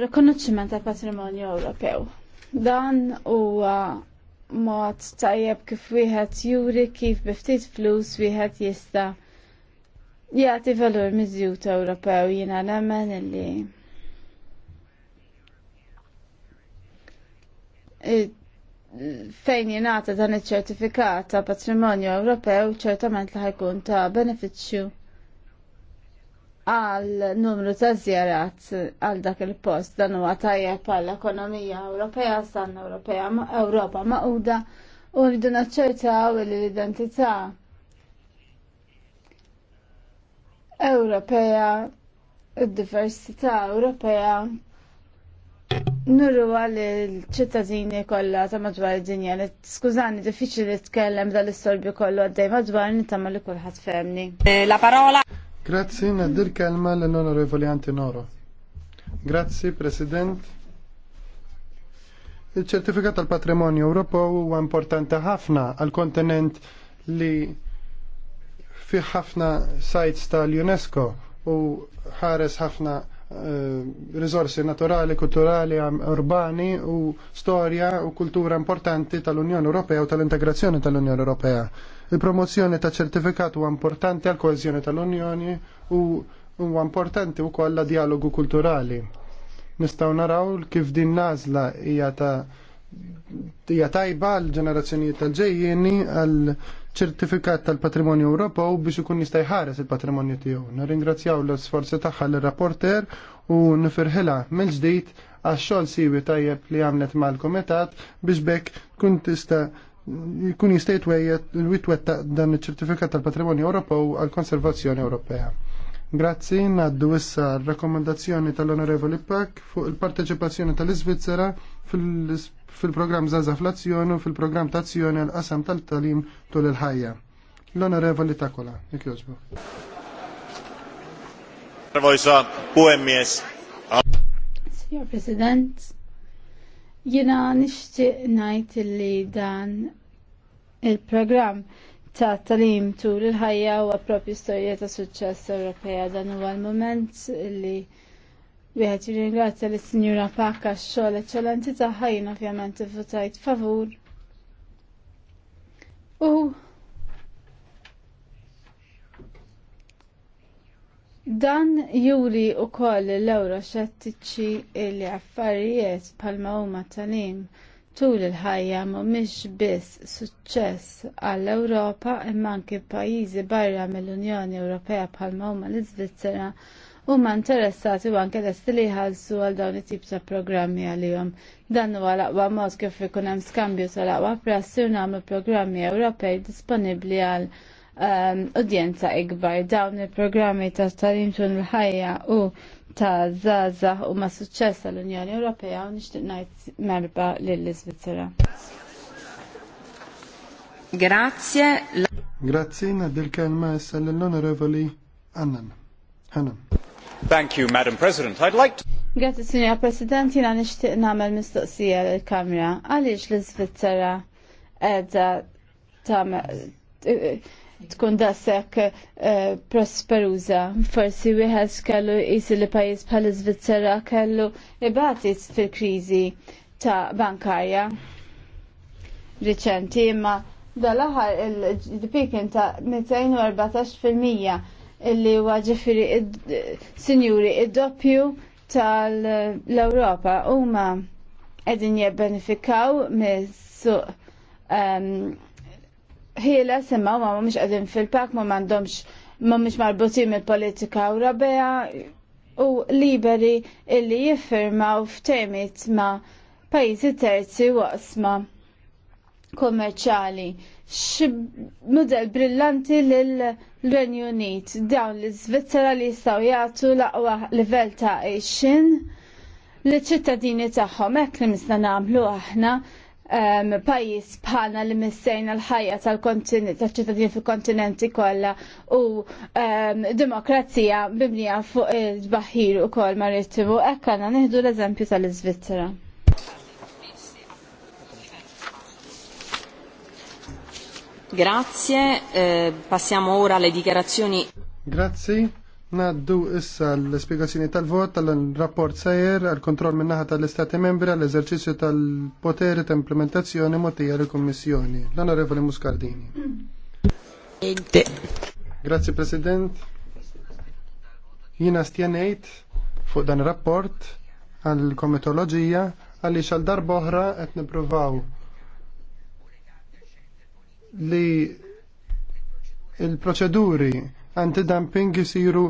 Rekonoċiment tal patrimonju Ewropew. Dan huwa mod tajjeb kif wieħed juri kif bi ftit flus wieħed jista' jagħti valur miżjut Ewropew jiena nemmen illi fejn jingħata dan iċ-ċertifikat ta' patrimonju Ewropew ċertament li ħajkun ta' benefiċċju għal numru ta' zjarat għal dak il-post dan huwa tajjeb għall ekonomija Ewropea stanna Ewropea Ewropa maquda u rridu naċċertaw l-identità Ewropea id-diversità Ewropea Nurru għal ċittadini kollha ta' madwar id-dinja li skużani diffiċli tkellem dal-istorbju kollu għaddej madwar nitama li kulħadd femni. Eh, la parola. Grazzi, Nadir kelma l-onorevoli Antinoro. Grazzi, President. Il-ċertifikat tal-patrimonju Ewropew huwa importanti ħafna għal kontinent li fi ħafna sites tal-UNESCO u ħares ħafna Eh, risorsi naturali, kulturali, urbani u storja u kultura importanti tal-Unjoni Europea u tal-integrazzjoni tal-Unjoni Europea. Il-promozzjoni ta' ċertifikat u importanti għal koezjoni tal-Unjoni u u importanti u kolla dialogu kulturali. Nistaw naraw kif din nazla għażla hija ta' hija tajba għal ġenerazzjonijiet tal-ġejjieni għal ċertifikat tal-patrimonju Ewropew biex ikun jista' jħares il-patrimonju tiegħu. Nirringrazzjaw l-isforzi tagħha l rapporter u nifirħela mill-ġdid għax-xogħol siwi tajjeb li għamlet mal-kumitat biex bekk kun tista' jkun jista' l witwettaq dan iċ-ċertifikat tal-patrimonju Ewropew għall-konservazzjoni Ewropea. Grazzi, naddu issa r rakkomandazzjoni tal-Onorevoli Pak fuq il-parteċipazzjoni tal-Iżvizzera fil-programm Zaza Flazzjonu, u fil-programm ta' għal-qasam tal-talim tul il-ħajja. L-onorevoli Takola, jek jozbu. Arvoisa Signor President, jina nishtiq najt li dan il-programm ta' talim tul il-ħajja u għapropi storja ta' suċċess Ewropea dan huwa l-moment li Wieħed jirringrazzja lis sinjura Pakka x-xogħol eċċellenti tagħha jien ovvjament ivvutajt favur. U dan juri wkoll l-ewro xettiċi li affarijiet bħalma huma talim tul il-ħajja mhumiex biss suċċess għall-Ewropa imma anke pajjiżi barra mill-Unjoni Ewropea bħalma huma l izvizzera u ma interessati u anke lesti li jħallsu għal dawn it-tip ta' programmi għalihom. Dan huwa l-aqwa mod kif ikun hemm skambju tal-aqwa prassi u nagħmlu programmi Ewropej disponibbli għal ehm, udjenza ikbar dawn il-programmi ta' talim tun l-ħajja u ta' zaza u ma' suċċess għall unjoni Ewropea u nixtieq ngħid merba lill-Iżvizzera. Grazie. Grazie, nadil kelma issa l-onorevoli Annan. Annan. Thank you, Madam President. I'd like to... Grazie, Signor President, jina nishtiq namel mistoqsija l-Kamra. Għaliex l-Svizzera edha tam tkun dasek prosperuza. Forsi wieħed kellu jisi li pajis bħal iżvizzera kellu ibatit fil-kriżi ta' bankarja riċenti imma dal-aħħar il-GDP kien ta' 214 fil-mija illi huwa ġifieri sinjuri id-doppju tal-Ewropa huma qegħdin jibbenefikaw mis-suq ehm, ħila semma ma mhumiex qegħdin fil-pak ma m'għandhomx mhumiex marbutin mill-politika Ewropea u liberi illi jiffirmaw f'temiet ma' pajjiżi terzi waqsma kommerċali. X'mudell brillanti lil l-Renju Unit dawn l-Svizzera li jistgħu jagħtu l-aqwa livell ta' eċin li ċittadini tagħhom hekk li misna nagħmlu aħna um, pajis bħalna li missejna l-ħajja tal-kontinent, tal-ċittadini fil-kontinenti kollha u um, demokrazija bimnija fuq il-baħir u kol marittimu, ekkana nieħdu l-eżempju tal-Iżvizzera. Grazie, eh, passiamo ora alle dichiarazioni. Grazie. Naddu issa l-spiegazzjoni tal-vot tal-rapport sajer, għal kontroll minnaħat tal-Istati membri għall eżerċizzju tal-poteri ta' implementazzjoni motija l-Kommissjoni. L-Onorevole Muscardini. Grazie President. Jina stjenejt fuq dan rapport għal komitoloġija għalli xal darboħra qed provaw li il-proċeduri antidumping jisiru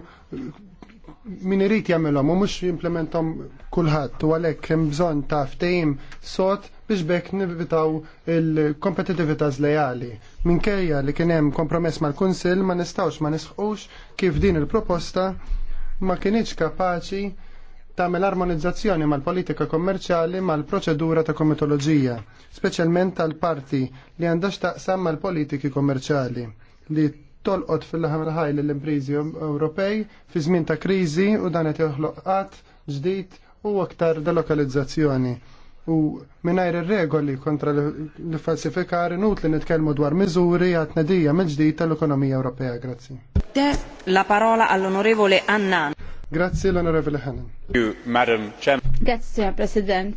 min irid jagħmilhom u mhux jimplementom kulħadd u għalhekk hemm bżonn ta' ftehim sod biex bekk nivitaw il-kompetitività żlejali. Minkejja li kien hemm kompromess mal-Kunsill ma nistgħux ma nisħux kif din il-proposta ma kienieċ kapaċi tagħmel armonizzazzjoni mal-politika kommerċjali mal-proċedura ta' komitoloġija, speċjalment tal-parti li għandha x'taqsam mal-politiki kommerċjali li tolqot fil-ħamel ħaj l-imprizi Ewropej fi żmien ta' kriżi u dan qed joħloq qatt ġdid u aktar delokalizzazzjoni. U mingħajr ir-regoli kontra l-falsifikar nut li nitkellmu dwar miżuri għat nedija mill-ġdid tal-ekonomija Ewropea. Grazzi. La parola all'onorevole Annan. Grazzi l-Onorevoli Hannan. Madam Chairman. Grazzi, President.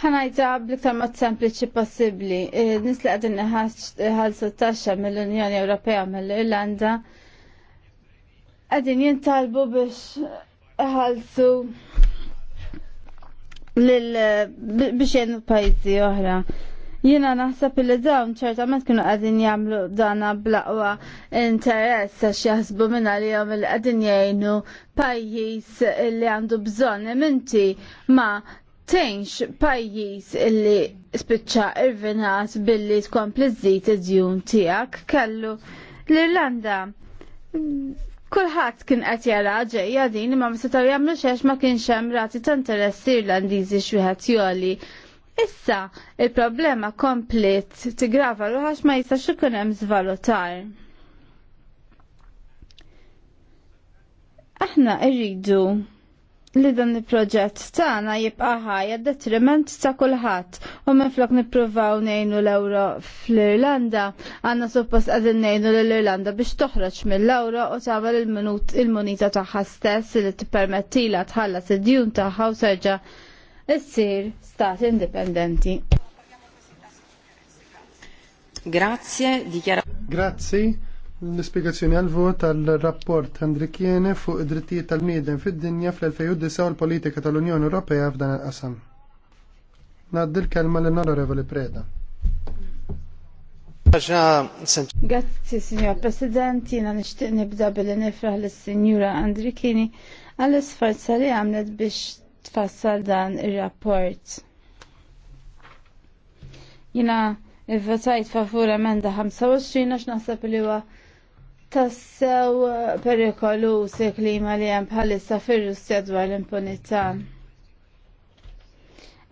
Ħanajda iktar mod sempliċi possibli. Eh, Nis li għadin ħalsu taxxa mill-Unjoni Ewropea mill-Irlanda għadin jintalbu biex ħalsu biex jenu pajzi oħra. Jina naħseb li dawn ċertament kienu għadin jamlu dana blaqwa interess għax jaħsbu minna li jom il għadin jajnu pajjiż li għandu bżon minti ma tenx pajjiż illi spiċċa irvinat billi tkompli żżid id-djun tiegħek kellu l-Irlanda. Kulħadd kien qed jara ġejja din imma ma setgħu jagħmlu xex ma kienx hemm rati ta' interessi Irlandiżi xi wieħed joli Issa il-problema komplet tigrava ruħax ma jistax ikun hemm żvalutar. Aħna rridu li dan il-proġett tagħna jibqa' ħajja detriment ta' kulħadd u flok nippruvaw ngħinu l-ewro fl-Irlanda għandna suppost qegħdin ngħinu lill-Irlanda biex toħroġ mill-ewro u tagħmel il-munita tagħha stess li tippermettila tħallas id-djun tagħha u serġa' essir stat indipendenti. Grazie, dichiara. Grazie. L-spiegazzjoni għal vot għal rapport Andrikjene fuq id-drittijiet tal-bniedem fid-dinja fl-2009 u l-politika tal-Unjoni Ewropea f'dan il-qasam. Naddil l-kelma l-Onorevoli Preda. Grazzi, signor President, jina nishtiq nibda billi nifraħ l-Signora Andrikini għall-isforza li għamlet biex tfassal dan ir-rapport. Jina ivvotajt favur emenda 25 għax nasab li huwa tassew perikolu se klima li hemm bħalissa fir-Russja dwar l-impunità.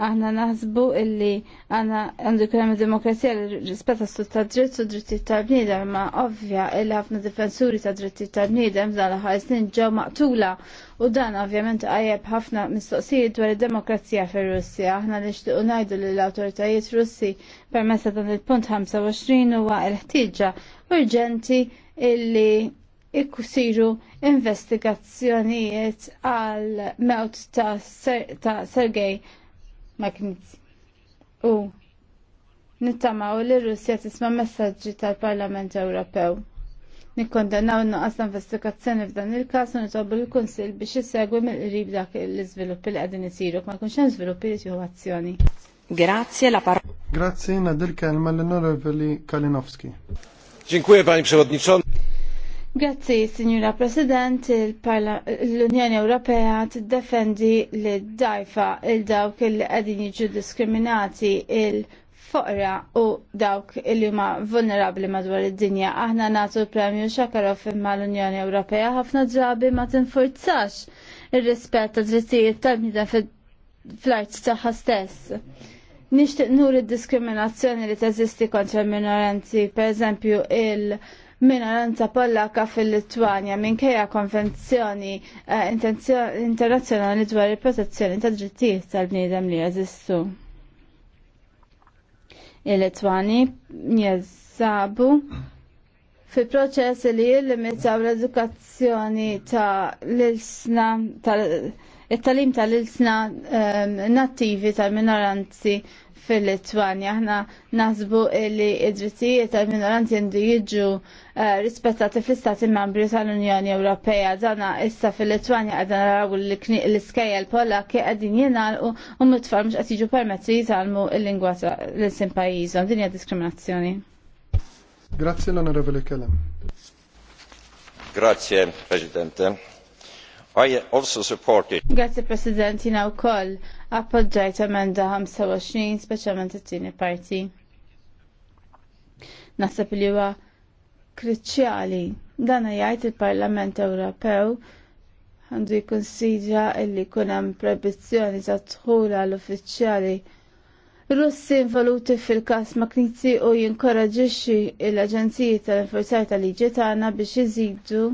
Aħna naħsbu illi għanna għandu kunem demokrazija li rispetta s ta' dritt u dritti ta' bnidem ma' ovvja illi ħafna difensuri ta' dritti ta' bnidem zala ħajsnin snin ġew maqtula u dan ovvjament għajab ħafna mistoqsijiet dwar id-demokrazija fir russi Aħna nixtiequ ngħidu li l-awtoritajiet Russi permessa dan il-punt 25 huwa l-ħtieġa urġenti illi ikkusiru investigazzjonijiet għal mewt ta', ser, ta Sergej Magnitz. U nittamaw li Russja tisma' messaġġi tal-Parlament Ewropew. Nikkondannaw nuqqas investigazzjoni f'dan il-każ u nitobu l-Kunsill biex jissegwi mill-qrib dak l-iżviluppi li qegħdin isiru ma jkunx hemm żviluppi li jieħu azzjoni. Grazie la parola. Grazie, nadil kelma l-onorevoli Kalinowski. Dziękuję Panie Przewodniczący. Grazzi, Signora President, l-Unjoni Ewropea tiddefendi li d-dajfa il-dawk il qegħdin jiġu diskriminati il-foqra u dawk il huma vulnerabli madwar id-dinja. Aħna nagħtu premju Shakarov imma l-Unjoni Ewropea ħafna drabi ma tinfurzax ir-rispett tad drittijiet tal mida fl-art tagħha stess Nixtieq nur id-diskriminazzjoni li teżisti kontra minoranzi, pereżempju il- minoranza pollaka fil-Litwanja minkejja konvenzjoni eh, internazzjonali dwar il-protezzjoni ta' drittijiet tal-bniedem li jeżistu. Il-Litwani jeżabu fil proċess li jillimitaw l-edukazzjoni ta' l-isna tal- it-talim tal-ilsna ehm, nattivi tal-minoranzi fil litwani Aħna naħsbu li id-drittijiet tal-minoranzi jendu jiġu eh, rispettati fl-Istati membri tal-Unjoni Ewropea. Dana issa fil litwani għadan naraw l polla Polakki għadin jenal u mitfar mux għatiġu permetri jitalmu il-lingwa l-insim pajizu. Dinja diskriminazzjoni. Grazie l'onorevole Kellem. Grazie Presidente. I also Grazie President, jina u koll appoġġajt emenda 25, specialment it-tieni parti. Naħseb li huwa kruċjali dan jgħid il-Parlament Ewropew għandu jikkonsidra illi jkun hemm proibizzjoni ta' dħul għall uffiċjali Russi involuti fil-kas Magnitsi u jinkoraġixxi l-Aġenziji tal-Enforzaj tal-Liġi tagħna biex iżidu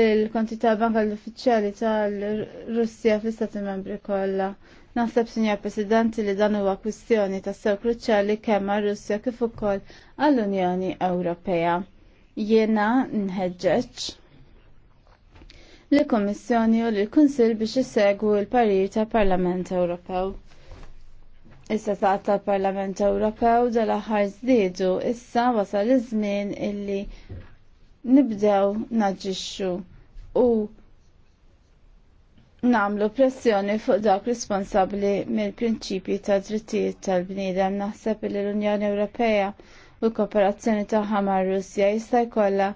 il kontita banka l-uffiċjali tal-Russja fl-Istati Membri kollha. Naħseb, sinjar Presidenti, li dan huwa kwistjoni ta' sew kruċjali kemm għar-Russja kif ukoll għall-Unjoni Ewropea. Jiena nħeġġeġ l kommissjoni u l-Kunsil biex isegwu l-parir ta' Parlament Ewropew. Issa ta' tal-Parlament Ewropew dal-aħħar żdiedu issa wasal iż-żmien illi nibdew naġġixxu u namlu pressjoni fuq dawk responsabbli mill-prinċipji ta' drittijiet tal-bniedem naħseb li l-Unjoni Ewropea u l-kooperazzjoni tagħha ħamar Russja jista' jkollha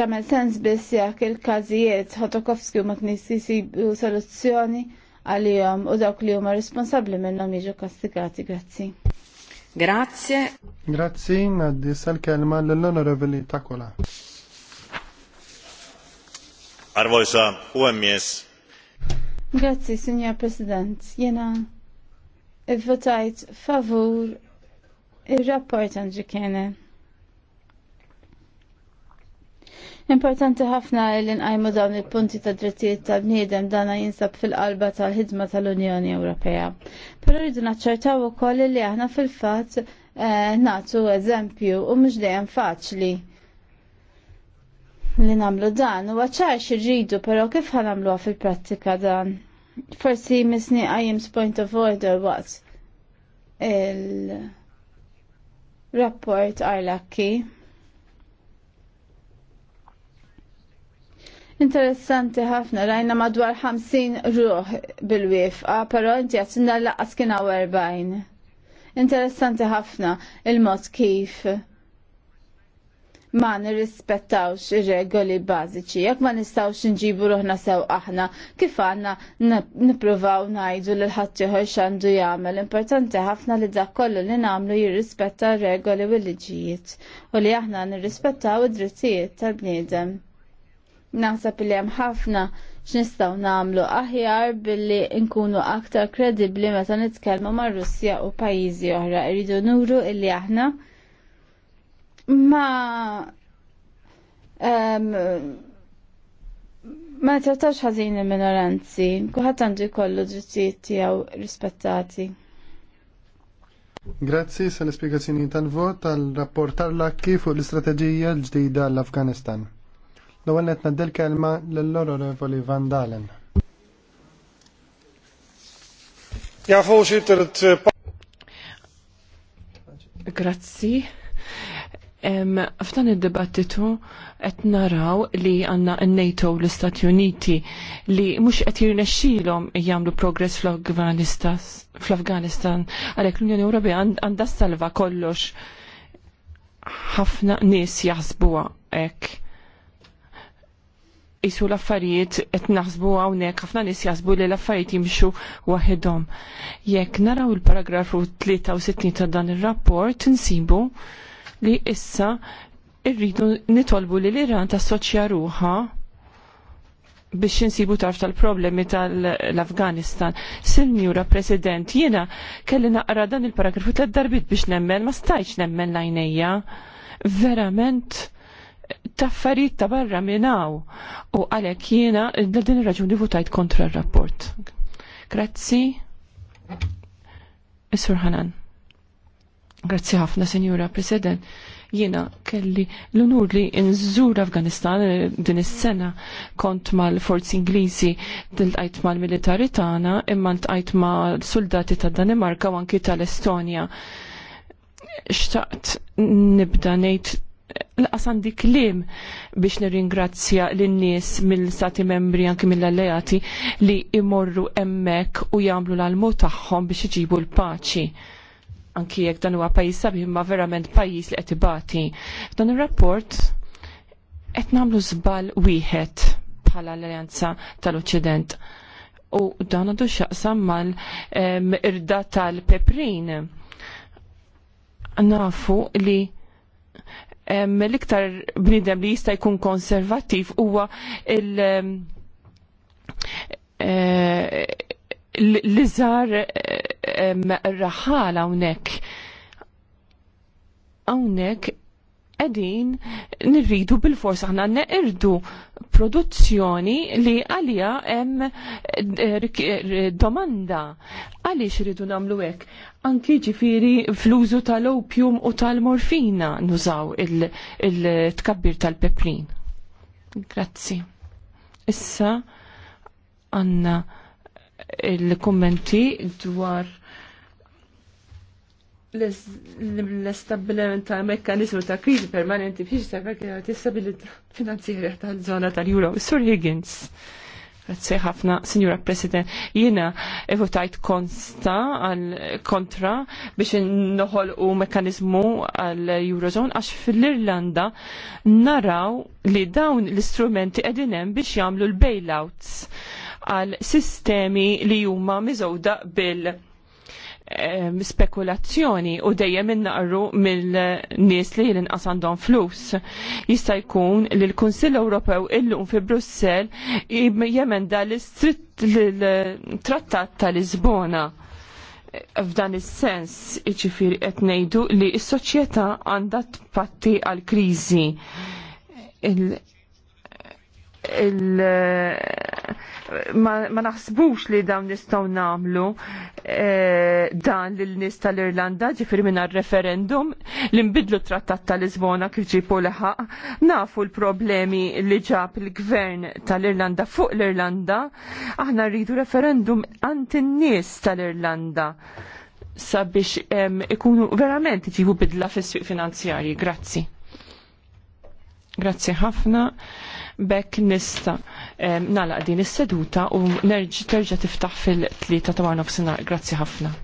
tagħmel sens biss jekk il-każijiet Ħotokowski huma knissi jsibu soluzzjoni għalihom u dawk li huma responsabbli minnhom jiġu kastigati grazzi. Grazie. Grazie, naddi sal-kelma l-onorevoli Takola. Arvoisa puhemies. Grazie, signor President. Jena votajt favur il-rapport Andrikene. Importanti ħafna li nqajmu dawn il-punti ta' drittijiet tal-bniedem dana jinsab fil-qalba tal-ħidma tal-Unjoni Ewropea. Però rridu naċċertaw ukoll li aħna fil-fatt eh, nagħtu eżempju u mhux dejjem faċli li namlu dan u għacċar xirridu, pero kif ħanamluha fil-prattika dan? Forsi misni għajjims point of order waqt il-rapport Arlaki Interessanti ħafna, rajna madwar 50 ruħ bil-wifqa, pero inti għatinna laqqas kien 40. Interessanti ħafna il-mod kif ma nirrispettawx ir-regoli bażiċi, jekk ma nistawx nġibu ruħna sew aħna, kif għanna nippruvaw ngħidu lil ħadd ieħor x'għandu jagħmel. Importanti ħafna li dak kollu li nagħmlu jirrispetta r-regoli u l-liġijiet u li aħna nirrispettaw id-drittijiet tal-bniedem naħseb li hemm ħafna x'nistgħu nagħmlu aħjar billi nkunu aktar kredibbli meta nitkellmu mar-Russja u pajjiżi oħra. Irridu nuru illi aħna ma um, ma trattax ħażin il-minoranzi, kuħadd għandu jkollu drittijiet tiegħu rispettati. Grazzi sal esplikazzjoni tal-vot tal-rapport tal-lakki fuq l-istrateġija l-ġdida l-Afganistan. L-ewwel qed kelma lill-Onorevoli Van Dalen. Ja, voorzitter, het... Eh, Grazzi. F'dan id-dibattitu qed naraw li għandna n-NATO l-Istati Uniti li mhux qed jirnexxilhom jagħmlu progress fl-Afganistan għalhekk l-Unjoni Ewropea għandha salva kollox ħafna nies jaħsbuha hekk jisu l-affarijiet qed naħsbu hawnhekk ħafna nis jaħsbu li l-affarijiet jimxu waħedhom. Jekk naraw il-paragrafu 63 ta' dan ir-rapport insibu li issa irridu nitolbu li l-Iran tassoċja ruħa biex insibu tarf tal-problemi tal-Afganistan. Sinjura President, jiena kelli naqra dan il-paragrafu tlet darbit biex nemmen, ma stajċ nemmen lajnejja. Verament taffarit ta' barra minnaw u għalek jiena din raġuni votajt kontra r-rapport. Grazzi. Isur Hanan. Grazzi ħafna, Senjura President. Jiena kelli l-unur li nżur Afganistan eh, din is-sena kont mal-forzi Ingliżi tilqajt mal-militari tagħna imma ntqajt mal-soldati tad Danimarka u anki tal-Estonja. Xtaqt nibda ngħid l-qasan di klim biex nirringrazzja l-nies mill-stati membri anki mill-alleati li imorru emmek u jamlu l-almu taħħom biex iġibu l-paċi. Anki jek dan huwa pajis sabiħ ma verament pajis li qed Dan ir-rapport qed nagħmlu żball wieħed bħala l-Alleanza tal oċident U dan għandu xaqsam mal-irda tal-Peprin. Nafu li l-iktar bnidem li jista' jkun konservattiv huwa il- eh, l iżgħar raħala hawnhekk. Hawnhekk edin nirridu bil-fors aħna neqirdu produzzjoni li għalija hemm eh, eh, domanda għaliex rridu namlu hekk. Anki ġifiri fl-użu tal-opium u tal-morfina nużaw il-tkabbir il tkabbir tal peprin Grazzi. Issa għanna il-kommenti dwar l establiment ta' mekkanizmu ta' kriżi permanenti biex server kien għat ta' finanzjerja zona żona tal-Euro. Sur Higgins, Grazie ħafna, Signora President, jiena evotajt konsta għal kontra biex noħol u mekkanizmu għal Eurozon, għax fil-Irlanda naraw li dawn l-istrumenti edinem biex jamlu l-bailouts għal sistemi li huma mizowda bil- Eh, spekulazzjoni u dejjem innaqru mill-nies li jinqas għandhom flus. Jista' jkun li l-Kunsill Ewropew illum fi Brussell jemenda l-trattat ta' Lisbona. F'dan is-sens iġifieri qed ngħidu li s-soċjetà għandha tpatti għal kriżi ma, ma naħsbux li dawn nistgħu nagħmlu e, dan lil nies tal-Irlanda ġifieri mingħajr referendum li nbidlu trattat tal-Lisbona kif ġipu leħaq. Nafu l-problemi li ġab il-gvern tal-Irlanda fuq l-Irlanda, aħna rridu referendum għand in-nies tal-Irlanda sabiex ikunu verament ġibu bidla fis-suq finanzjarji. Grazzi. Grazzi ħafna. Bekk nista nalaq din is-seduta u nerġa' terġa' tiftaħ fil-tlieta ta' nofsinhar. Grazzi ħafna.